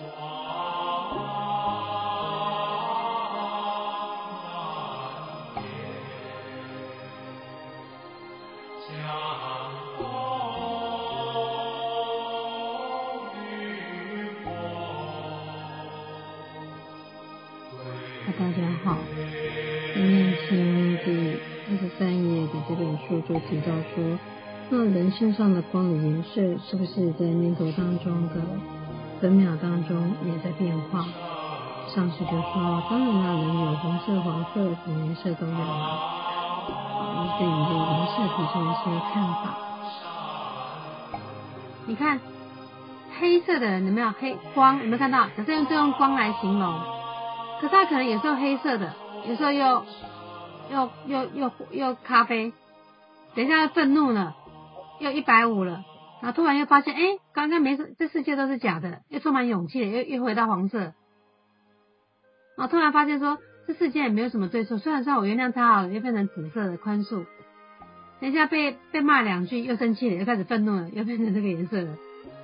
花風雨啊，大家好。《念經》第二十三頁的這本書就提到說，那人身上的光與顏色，是不是在念頭當中的？分秒當中也在變化。上師就說，當然那裡有紅色、黃色等顏色都有了。啊、我們對一個顏色提出一些看法。你看，黑色的人有沒有黑光？有沒有看到？可是用這用光來形容，可是它可能有時候黑色的，有時候又又又又又咖啡。等一下，憤怒了，又一百五了。然後突然又發現，哎，剛剛沒這世界都是假的，又充滿勇氣的，又又回到黃色。然後突然發現說，這世界也沒有什麼對錯，雖然說我原諒他好了，又變成紫色的寬恕。等一下被被罵兩句，又生氣了，又開始憤怒了，又變成這個顏色了，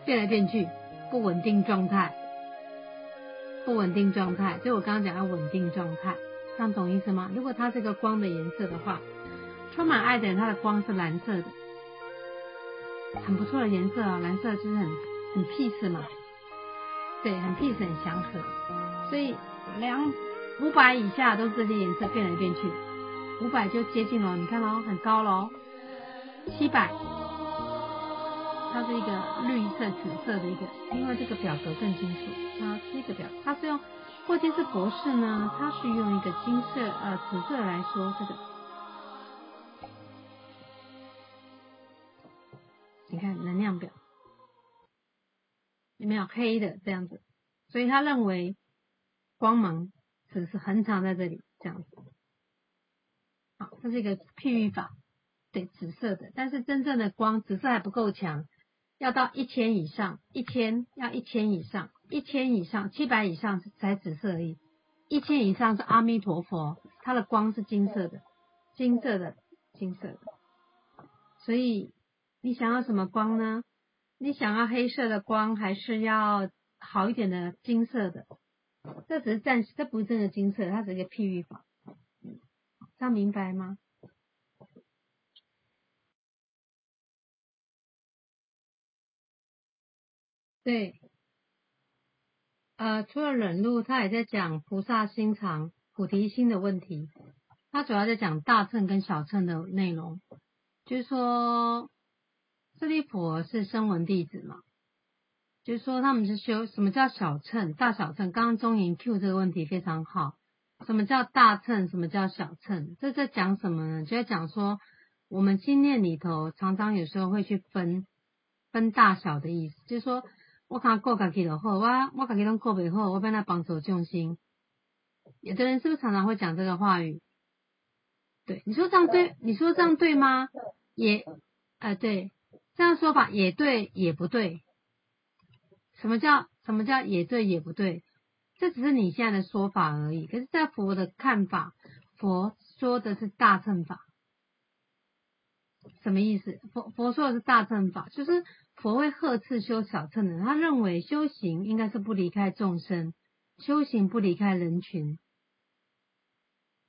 變來變去，不穩定狀態，不穩定狀態。就我剛剛講要穩定狀態，這樣懂意思嗎？如果它是一個光的顏色的話，充滿愛的人，他的光是藍色的。很不錯的顏色啊，藍色就是很很 peace 嘛，對，很 peace 很祥和，所以兩五百以下都是這些顏色變來變去，五百就接近了哦，你看嘍哦，很高了哦，七百，它是一個綠色、紫色的一個，因為這個表格更清楚，它是一個表，它是用霍金斯博士呢，他是用一個金色呃紫色來說這個。沒有黑的這樣子，所以他認為光芒只是恆常在這裡這樣子。好，這是一個譬喻法，對紫色的，但是真正的光紫色還不夠強，要到一千以上，一千，要一千以上，一千以上，七百以上是才紫色而已，一千以上是阿彌陀佛，他的光是金色的，金色的，金色的。所以你想要什麼光呢？你想要黑色的光，還是要好一點的金色的？這只是暫時，這不是真的金色，它只是一個譬喻法，這樣明白嗎？對，呃，除了忍辱，他也在講菩薩心腸、菩提心的問題。他主要在講大乘跟小乘的內容，就是說。舍利弗是聲聞弟子嘛，就是說他們是修什麼叫小乘、大小乘？剛剛中銀 Q 這個問題非常好。什麼叫大乘？什麼叫小乘？這在講什麼呢？就在講說我們心念裡頭，常常有時候會去分分大小的意思。就是說，我看過家己就好，我我家己攏過未好，我變來幫助眾生。有的人是不是常常會講這個話語？對，你說這樣對？你說這樣對嗎？也啊、呃，對。這樣說法也對，也不對。什麼叫什麼叫也對也不對？這只是你現在的說法而已。可是，在佛的看法，佛說的是大乘法，什麼意思？佛佛說的是大乘法，就是佛會呵斥修小乘的。他認為修行應該是不離開眾生，修行不離開人群。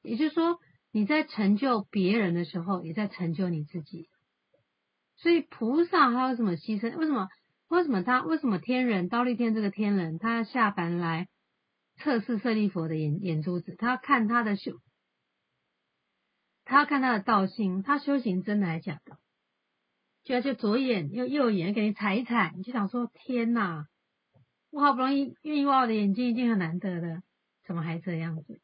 也就是說，你在成就別人的時候，也在成就你自己。所以菩薩他有什麼犧牲？為什麼？為什麼他？為什麼天人忉利天這個天人，他下凡來測試舍利弗的眼眼珠子？他要看他的修，他要看他的道心，他修行真的還是假的？就要去左眼右眼給你踩一踩，你就想說：天哪！我好不容易願意挖我的眼睛，已經很難得的，怎麼還這樣子？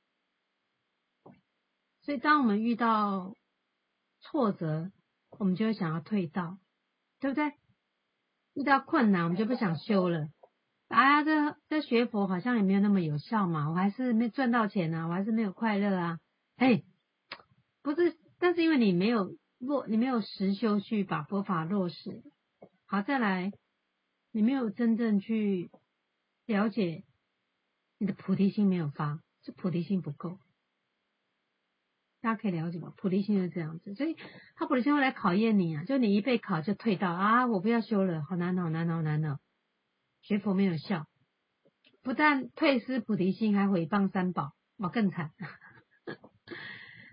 所以，當我們遇到挫折，我們就會想要退道，對不對？遇到困難，我們就不想修了。啊，這這學佛好像也沒有那麼有效嘛，我還是沒賺到錢呢、啊，我還是沒有快樂啊。哎，不是，但是因為你沒有落，你沒有實修去把佛法落實。好，再來，你沒有真正去了解，你的菩提心沒有發，這菩提心不夠。大家可以了解嘛？菩提心就是這樣子，所以他菩提心會來考驗你啊，就你一被考就退道啊，我不要修了，好難哦，好難哦，好難哦，學佛沒有效，不但退失菩提心，還毀謗三寶，我、哦、更慘，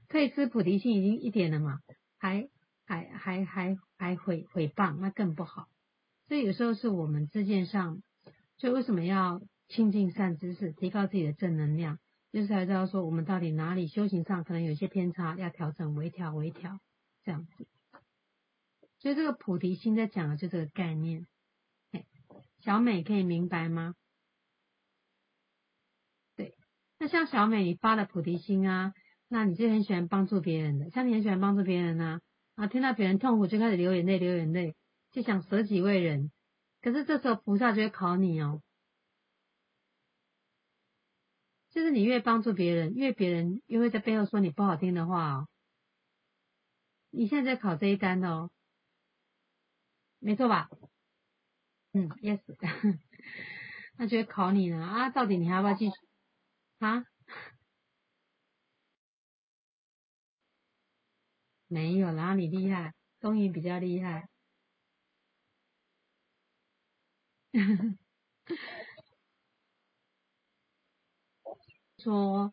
退失菩提心已經一點了嘛，還還還還還毀毀謗，那更不好，所以有時候是我們自見上，所以為什麼要親近善知識，提高自己的正能量？就是還是要說，我們到底哪裡修行上可能有一些偏差，要調整、微調、微調這樣子。所以這個菩提心在講的就這個概念。小美可以明白嗎？對，那像小美，你發了菩提心啊，那你就很喜歡幫助別人的，像你很喜歡幫助別人啊啊，聽到別人痛苦就開始流眼淚、流眼淚，就想舍己為人。可是這時候菩薩就會考你哦。就是你越幫助別人，越別人越會在背後說你不好聽的話哦。你現在在考這一單哦，沒錯吧？嗯，yes，那就會考你了啊？到底你還要不要繼續啊？沒有啦，你厲害，東營比較厲害。 說，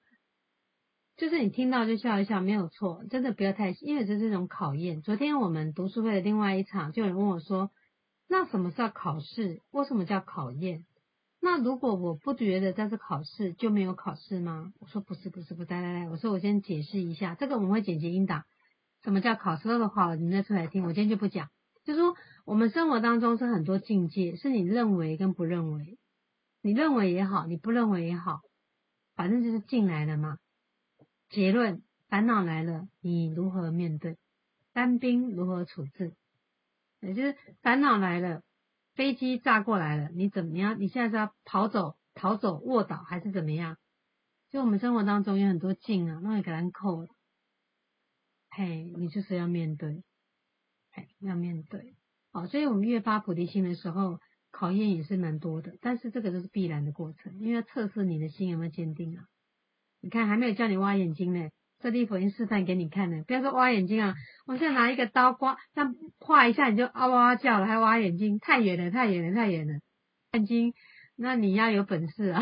就是你聽到就笑一笑，沒有錯，真的不要太，因為這是一種考驗。昨天我們讀書會的另外一場，就有人問我說：“那什麼是要考試？為什麼叫考驗？那如果我不覺得這是考試，就沒有考試嗎？”我說：“不，不是不是不是，來來來，我說我先解釋一下，這個我們會剪接音檔。什麼叫考試的話，你再出來聽。我今天就不講，就說我們生活當中是很多境界，是你認為跟不認為，你認為也好，你不認為也好。”反正就是進來了嘛，結論，結論，煩惱來了，你如何面對？單兵如何處置？也就是煩惱來了，飛機炸過來了，你怎麼樣？你現在是要跑走、逃走、臥倒，還是怎麼樣？就我們生活當中有很多境啊，那你給它扣了，嘿，你就是要面對，嘿，要面對。好，所以我們越發菩提心的時候。考驗也是蠻多的，但是這個就是必然的過程，因為要測試你的心有沒有堅定啊。你看還沒有叫你挖眼睛呢，這地方已經示範給你看了。不要說挖眼睛啊，我現在拿一個刀刮，這樣劃一下你就啊哇哇叫了，還挖眼睛，太遠了，太遠了，太遠了。眼睛，那你要有本事啊，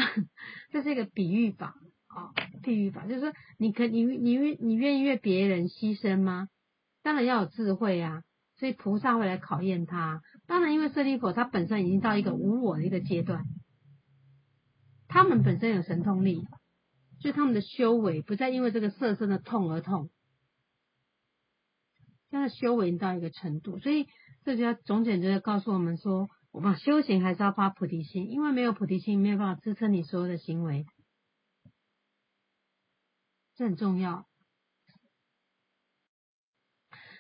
這是一個比喻法啊、哦，比喻法，就是說你可你你你願意為別人犧牲嗎？當然要有智慧呀、啊，所以菩薩會來考驗他。當然，因為舍利弗他本身已經到一個無我的一個階段，他們本身有神通力，就他們的修為不再因為這個色身的痛而痛，現在修為到一個程度，所以這就要總總就要告訴我們說，我們修行還是要發菩提心，因為沒有菩提心沒有辦法支撐你所有的行為，這很重要。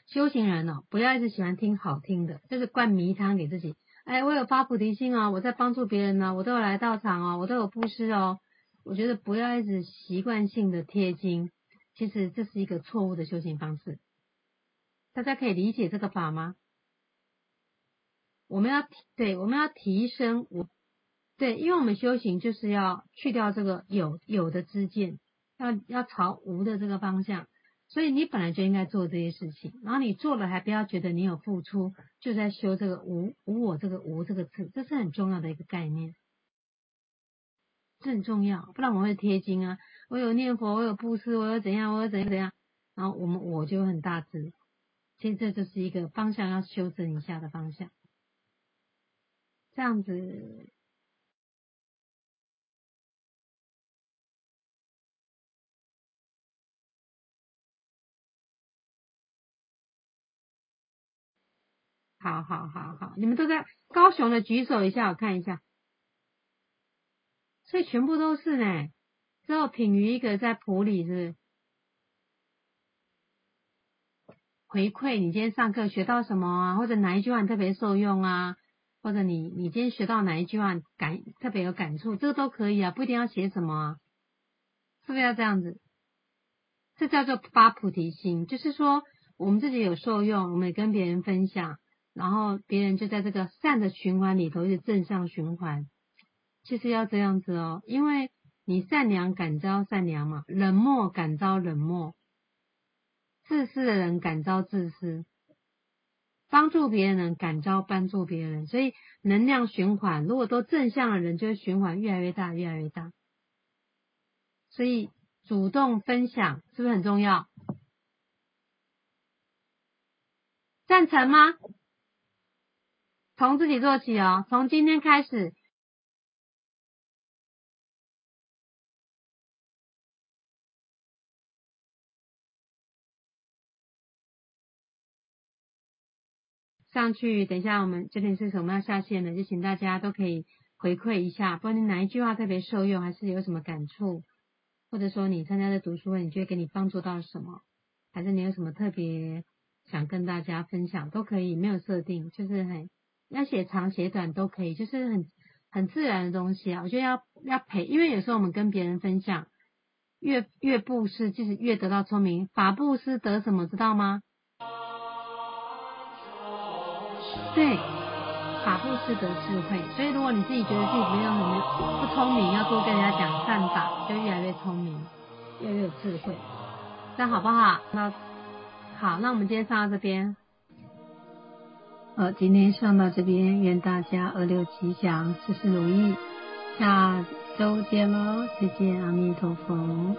修行人哦，不要一直喜歡聽好聽的，這，就是灌迷湯給自己。哎，我有發菩提心哦，我在幫助別人呢，哦，我都有來道場，哦，我都有布施哦。我覺得不要一直習慣性的貼金，其實這是一個錯誤的修行方式。大家可以理解這個法嗎？我們要，對，我們要提升無，對，因為我們修行就是要去掉這個有有的知見，要要朝無的這個方向。所以你本來就應該做這些事情，然後你做了還不要覺得你有付出，就在修這個無無我這個無這個字，這是很重要的一個概念，這很重要，不然我會貼金啊，我有念佛，我有布施，我有怎樣，我有怎樣怎樣，然後我們我就很大致，其實這就是一個方向要修正一下的方向，這樣子。好好好好，好，你們都在高雄的舉手一下，我看一下，所以全部都是呢。之後品瑜一個在埔里是，是回饋你今天上課學到什麼啊，或者哪一句話你特別受用啊，或者你你今天學到哪一句話感特別有感觸，這個都可以啊，不一定要寫什麼，啊，是不是要這樣子？這叫做發菩提心，就是說我們自己有受用，我們也跟別人分享。然後別人就在這個善的循環裡頭，是正向循環。其實要這樣子哦，因為你善良感召善良嘛，冷漠感召冷漠，自私的人感召自私，幫助別人的人感召幫助別人。所以能量循環，如果都正向的人，就會循環越來越大，越來越大。所以主動分享是不是很重要？贊成嗎？從自己做起哦，從今天開始上去。等一下我們點，我們這邊是什麼要下線的？就請大家都可以回饋一下，不管你哪一句話特別受用，還是有什麼感觸，或者說你參加的讀書會你覺得給你幫助到什麼，還是你有什麼特別想跟大家分享，都可以。沒有設定，就是很。要寫長寫短都可以，就是很很自然的東西啊。我覺得要要陪，因為有時候我們跟別人分享，越越布施，就是越得到聰明。法布施得什麼，知道嗎？對，法布施得智慧。所以如果你自己覺得自己沒有什麼不聰明，要多跟人家講善法，就越來越聰明，越來越智慧。這樣好不好？那好，那我們今天上到這邊。好，今天上到這邊，願大家二六吉祥，事事如意，下周見嘍，再見，阿彌陀佛。